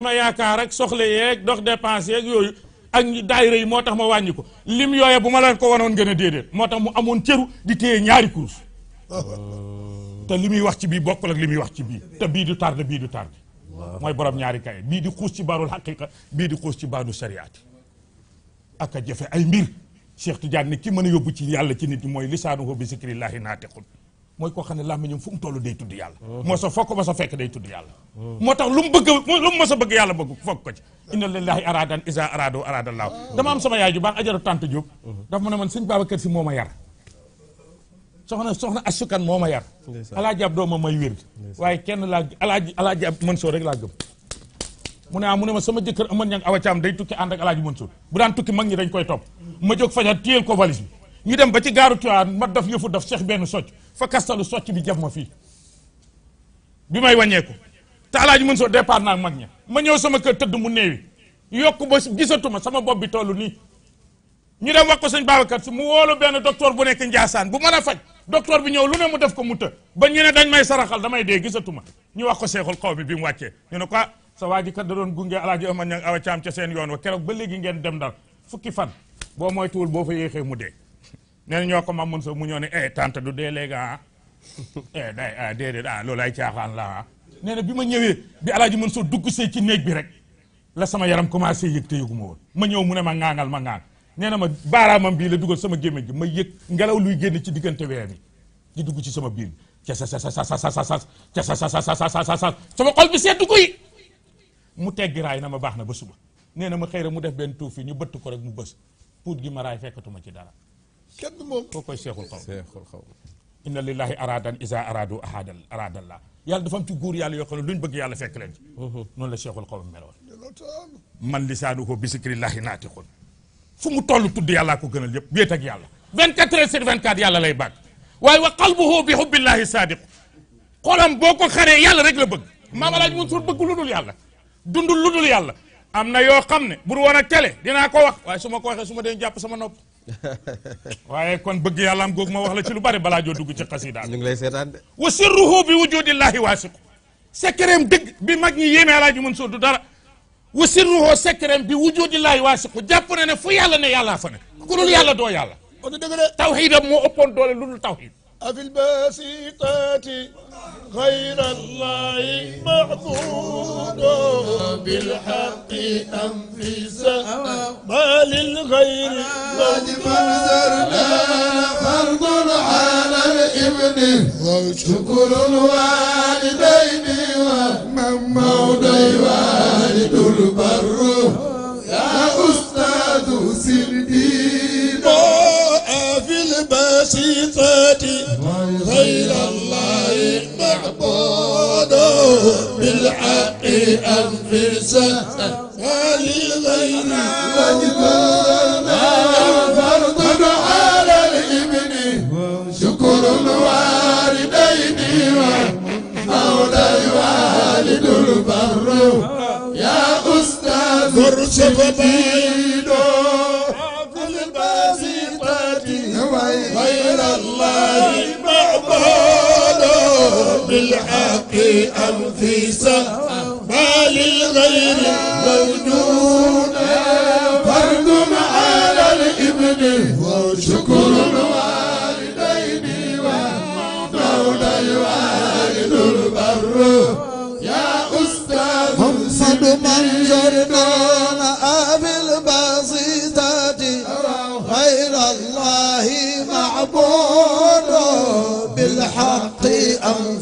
ma yaakaar ak soxla yeeg dox dépense yeeg yooyu ak ñi daayira yi moo tax ma wàññi ko lim yooye bu ma leen ko wanoon gën a déedéet moo tax mu amoon cëru di téye ñaari kurus te li muy wax ci bii bokkul ak li muy wax ci bii te bii du tarde bii du tarde mooy borom ñaari kayit bii di xuus ci baarul xaqiqa bii di xuus ci baanu sariyaati ak a jafe ay mbir Cheikh Tidiane ne ki mën a yóbbu ci yàlla ci nit ñi mooy lisaanuhu bi zikrillahi naatiqun mooy koo xam ne làmmiñam fu mu toll day tudd yàlla oh. moo sa fokk ma sa fekk day tudd yàlla moo tax lu mu bëgg lu mu mos a bëgg yàlla bëgg fokk ko ci inna lillahi aradan isa arado arada laaw oh. dama am sama yaay ju baax ajaru tante Diop oh. daf ma ne man sëñ Babacar Si moo ma yar soxna soxna asukan moo ma yar alaaji ab dooma may wér waaye kenn laa alaaji alaaji ab Mansour rek laa gëm mu ne ah mu ne ma sama jëkkër aman ñang awa caam day tukki ànd ak alaaji Mansour bu daan tukki mag ñi dañ koy topp ma jóg fajar téyel ko valise bi ñu dem ba ci gaaru Tiwaawan ma daf yëfu daf seex benn socc fa kastalu socc bi jaf ma fii bi may wàññeeku te alaaji mën soo départ naa mag ña ma ñëw sama kër tëdd mu néewi yokk ba gisatuma sama bopp bi toll nii ñu dem wax ko sëñ Babacar si mu woolu benn docteur bu nekk Njaasaan bu man a faj docteur bi ñëw lu ne mu def ko mu të ba ñu ne dañ may saraxal damay dee gisatuma ñu wax ko seexul kaw bi bi mu wàccee ñu ne ko ah, sa waa ji kat da doon gunge alaaji Omar Ñang awa caam ca seen yoon wa keroog ba léegi ngeen dem dal fukki fan boo moytuwul boo fa yéexee mu dee nee na ñoo ko mamun sa mu ne eh tante du dee léegi ah eh day ah déedéet ah loolu ay caaxaan la ah nee na bi ma ñëwee bi alaaji mën soo dugg see ci néeg bi rek la sama yaram commencé yëg te yëguma woon ma ñëw mu ne ma ngaangal ma ŋaang nee na ma baaraamam bii la dugal sama gémmiñ gi ma yëg ngelaw luy génn ci diggante weer bi di dugg ci sama biir ca sa sa sa sa sa sa ca sa sa sa sa sa sa sa sama xol bi seet dugg yi mu teggi raay na ma baax na ba suba nee na ma xëy mu def benn tuuf yi ñu bëtt ko rek mu bës puut gi ma raay fekkatuma ci dara kenn moom koo koy seexul xaw seexul xaw inna lillahi aradan isa aradu ahadal aradallah yàlla dafa am ci góor yàlla yoo xam ne lu ñu bëgg yàlla fekk leen ci noonu la seexul xaw meloon man lisaanu ko bisikrillahi naatiqun fu mu toll tudd yàllaa ko gënal yëpp wéet ak yàlla 24 heures sur 24 yàlla lay bàgg waaye wa qalbuhu bi hubbillahi saadiq xolam boo ko xaree yàlla rek la bëgg maam alaaj Mansour bëgg lu dul yàlla dundul lu dul yàlla am na yoo xam ne bur woon a télé dinaa ko wax waaye su ma ko waxee su ma dee jàpp sama nopp waaye kon bëgg yàllaam googu ma wax la ci lu bari balaa joo dugg ci xasida ñu lay seetaan de wa sirruhu bi wujudillahi waasiqu sekkereem dëgg bi mag ñi yéeme alaaji mën soo du dara wa sirruhu sekkereem bi wujudillahi waasiqu jàpp na ne fu yàlla ne yàllaa fa ne ku dul yàlla doo yàlla tawxiidam moo ëppoon doole lu dul tawxiid أفي الباسطات غير الله معبود بالحق أم في ما للغير فرزرنا فرض على الابن وشكر الوالدين فضوا بالحق أنفسهم ولغير وجدنا فرض على الابن شكر الوالدين ومولى الوالد البر يا أستاذ فرشف بيا الحق في سهوة للغير موجود فرد على الابن وشكر الوالدين ومولى الوالد البر يا أستاذ أنفد من جردون أبي البسيطة غير الله معبود بالحق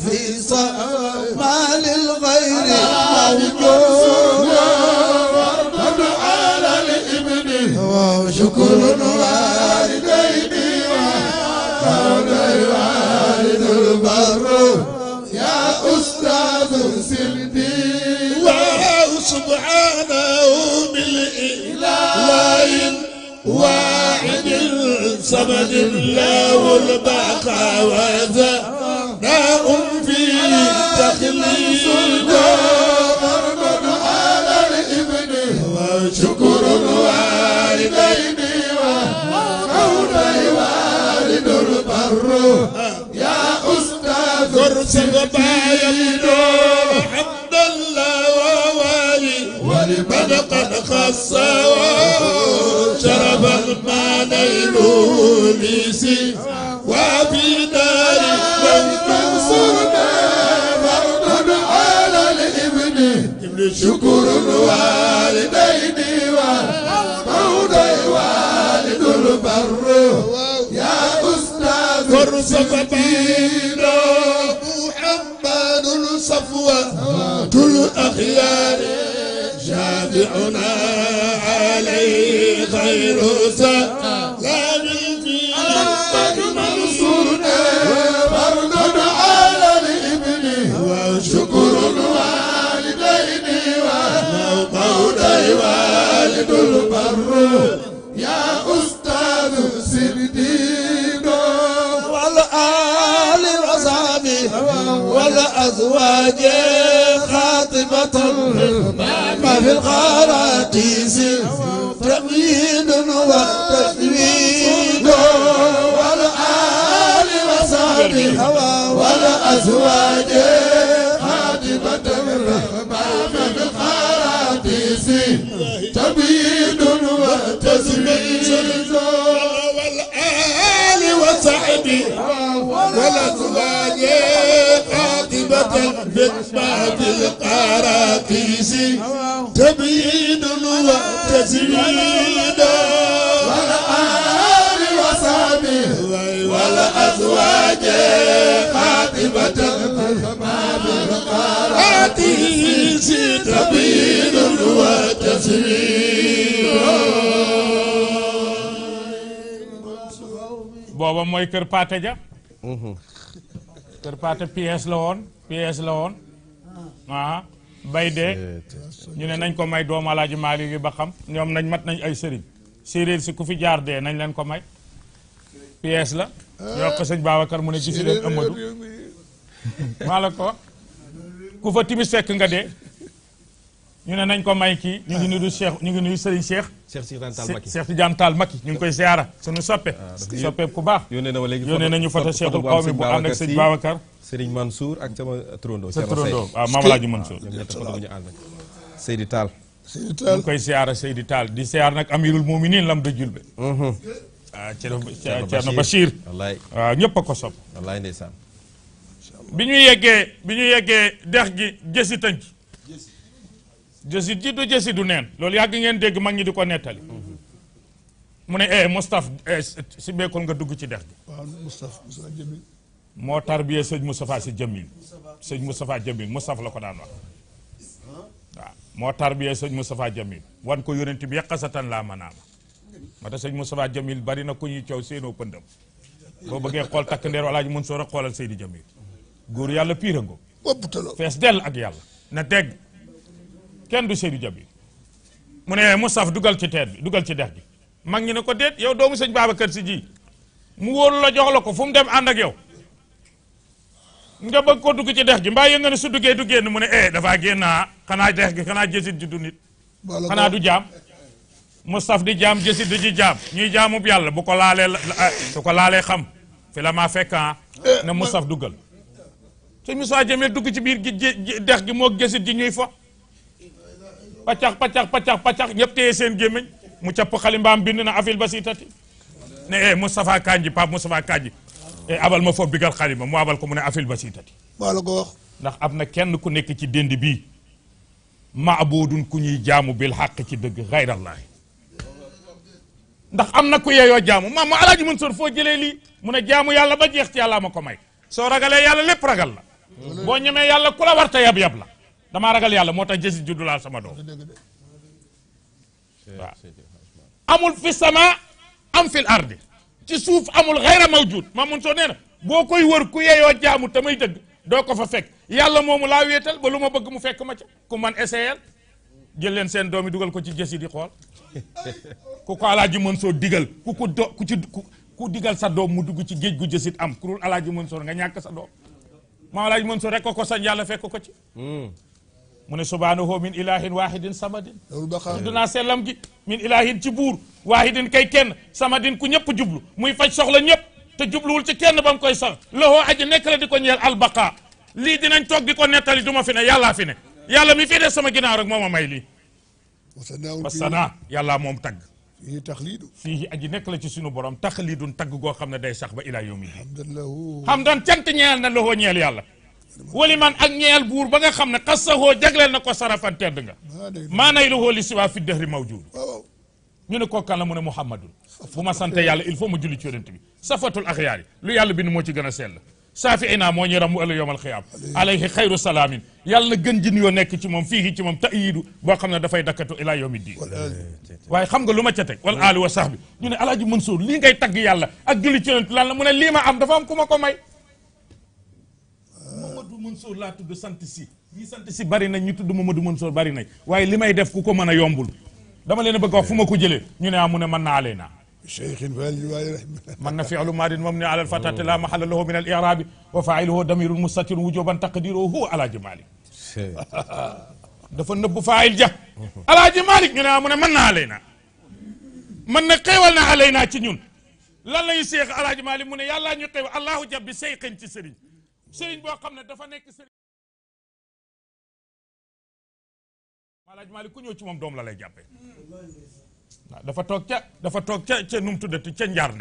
في ما للغير موجود ورد على الابن وشكر والدين وكون الوالد البر يا استاذ سلبي سبحانه بالاله إله واحد صمد الله البقاء وذا داء في دخلي ضرب على الابن وشكر والدين وكوني والد البر يا استاذ ارسل بايا Sokapa. زواجي خاطبة ما في القراطيس تبيين وتجويد والآل وصحبه والأزواج خاطبة ما في القراطيس تبيين وتزويد والآل وصحبه والأزواج بالبعد القراطيسي تبييد وتزييد والآل وصحبه والأزواج خاطبة ما بالقراطيسي تبييد وتزييد booba mooy kër Paate Ja kër Paate pièce la woon pièce la woon ah bay dee ñu ne nañ ko may doomu alaaji Maalik yi ba xam ñoom nañ mat nañ ay sëriñ séeréer si ku fi jaar dee nañ leen ko may pièce la yokk sëñ Babacar mu ne gisi leen Amadou maa la ko ku fa timis fekk nga dee ñu ne nañ ko may kii ñu ngi nu Cheikh ñu ngi nuyu Serigne Cheikh. Cheikh Makki ñu ngi koy ziara suñu soppe ah, soppe ku baax yónnee na ma léegi yónnee nañu photo Cheikhul Qawmi bu ànd ak sëñ Babacar Serigne Mansour ak sama turandoo sa turandoo waaw ah, Maam Alaaji Mansour Seydi Tall Seydi Tall ñu koy ziara Seydi Tall di ziar nag Amirul Muminin lam da julbe mhm. ah Thierno Bachir waaw ah, ñëpp a ko sopp wallaay bi ñu yeggee bi ñu yeggee dex gi jësi tënk jësit ji du jësi du neen loolu yàgg ngeen dégg mag ñi di ko nettali mu ne eh Moustapha eh, si beekul nga dugg ci dex gi moo tarbiyee sëñ Moustapha si Jamil sëñ Moustapha Jamil Moustapha la ko daan wax waaw moo tarbiyee sëñ Moustapha Jamil wan ko yónent bi yaqasatan laa manaama moo tax sëñ Moustapha Jamil bari na ku ñuy coow séenoo pëndam boo bëggee xool takk ndeer walaaj mën soor a xoolal Seydi Jamil góor yàlla piirango fees dell ak yàlla na dégg ken du Seydou Diaby Mune ne dugal ci teet bi dugal ci dex bi mag ñi ne ko déet yow doomu baba keur ci ji mu wor la jox la ko fu mu dem and ak yow nga bëgg ko dugg ci dex gi mbaa yënga ne su duggee du génn mu ne eh dafa génn naa ah, xanaa dex gi xanaa jësit ji du nit xanaa du jaam Moustapha di jaam jësit di ci jaam ñuy jaamub yàlla bu ko laalee su eh, ko laalee xam fi la maa fekk ah, eh, na mustaf dugal sëñ Moustapha Jëmee dugg ci biir dex gi moo jësit ji ñuy fo paccax paccax paccax paccax ñëpp téye seen gémmiñ mu capp xalimbaam bind na afil ba si tati ne eh Moustapha Kandji Pape Moustapha eh, abal ma foofu bigal xalima mu abal ko mu ne afil ba si tati maa ndax am na kenn ku nekk ci dénd bii maabudun ku ñuy jaamu bil xàq ci dëgg xayrallaahi ndax am na ku yeeyoo jaamu maam ma alaaji mën sor foo jëlee lii mu ne jaamu yàlla ba jeex ci ma ko may soo ragalee yàlla lépp ragal la boo ñemee yàlla ku la warta yab la damaa ragal yàlla moo tax jësi ju laal sama doom waaw amul fi sama am fil ardi ci suuf amul xayra mawjud Mamoun Sow nee na boo koy wër ku yeeyoo jaamu te may dëgg doo ko fa fekk yàlla moomu laa wéetal ba lu ma bëgg mu fekk ma ca ku man essayel jël leen seen doom yi dugal ko ci jësi di xool ku ko alaaji mën soo digal ku ko do ku ci ku digal sa doom mu dugg ci géej gu jësit am ku dul alaaji mën soo nga ñàkk sa doom maa alaaji mën soo rek ko ko sañ yàlla fekk ko ci hmm. من سبحانه من إله واحد سمد دنا سلام من إله جبور واحد كي كن سمد كن يب جبلو مي فج شغل يب تجبلو لتكن بام كويسا له أجي نكرة دي كن يال البقاء لي دينا نتوق دي كن يتالي دوما فينا يالا فينا يالا مي فينا سما جنا رغم ماما مايلي وسنا وسنا يالا موم تق فيه تخليد فيه أجي نكرة دي سنو برام تخليد تق غو خمنا دي سخبا إلى يومي حمد الله حمد الله تنتي نيال نالله نيال يالا wali man ak ñeel buur ba nga xam ne xas saxoo jagleel na ko sarafan tedd nga ah, maanay lu xooli si waa fi dëxri mawjuud ñu ne kookan la mu muhammadun bu ma sante yàlla il faut ma julli ci bi safatul axyaar yi lu yàlla bind moo ci gën a sell saafi inaa moo ñu ramu ëla yowmal xiyaam alayhi xayru salaamin yàlla gën ji nuyoo nekk ci moom fii ci moom tayidu boo xam ne dafay dakkatu ilaa yawmi diin waaye xam nga lu ma ca wal aali wa sahbi ñu ne alaaji Mansour lii ngay tagg yàlla ak julli ci yonent lan la mu ne lii Mamadou Mansour laa tudd sant si ñi sant si bari nañ ñu tudd Mamadou Mansour bari nañ waaye li may def ku ko mën a yombul dama leen a bëgg wax fu ma ko jëlee ñu ne ah mu ne mën naa leen man na fi'lu maadin mabni ala al-fatati la mahalla lahu min al-i'rabi wa fa'iluhu damirun mustatirun wujuban taqdiruhu huwa alaaji Malik dafa nëbb faayil ja alaaji Malik ñu ne ah mu ne mën naa leen man na xéewal na alay naa ci ñun lan lañu seex alaaji Malik mu ne yàllaa ñu xéew allahu jab bi seyqin ci sëriñ sëriñ boo xam ne dafa nekk sëriñ malaaj maali ku ñëw ci moom doom la lay jàppee mm. dafa toog ca dafa toog ca ca num tuddati ca njaar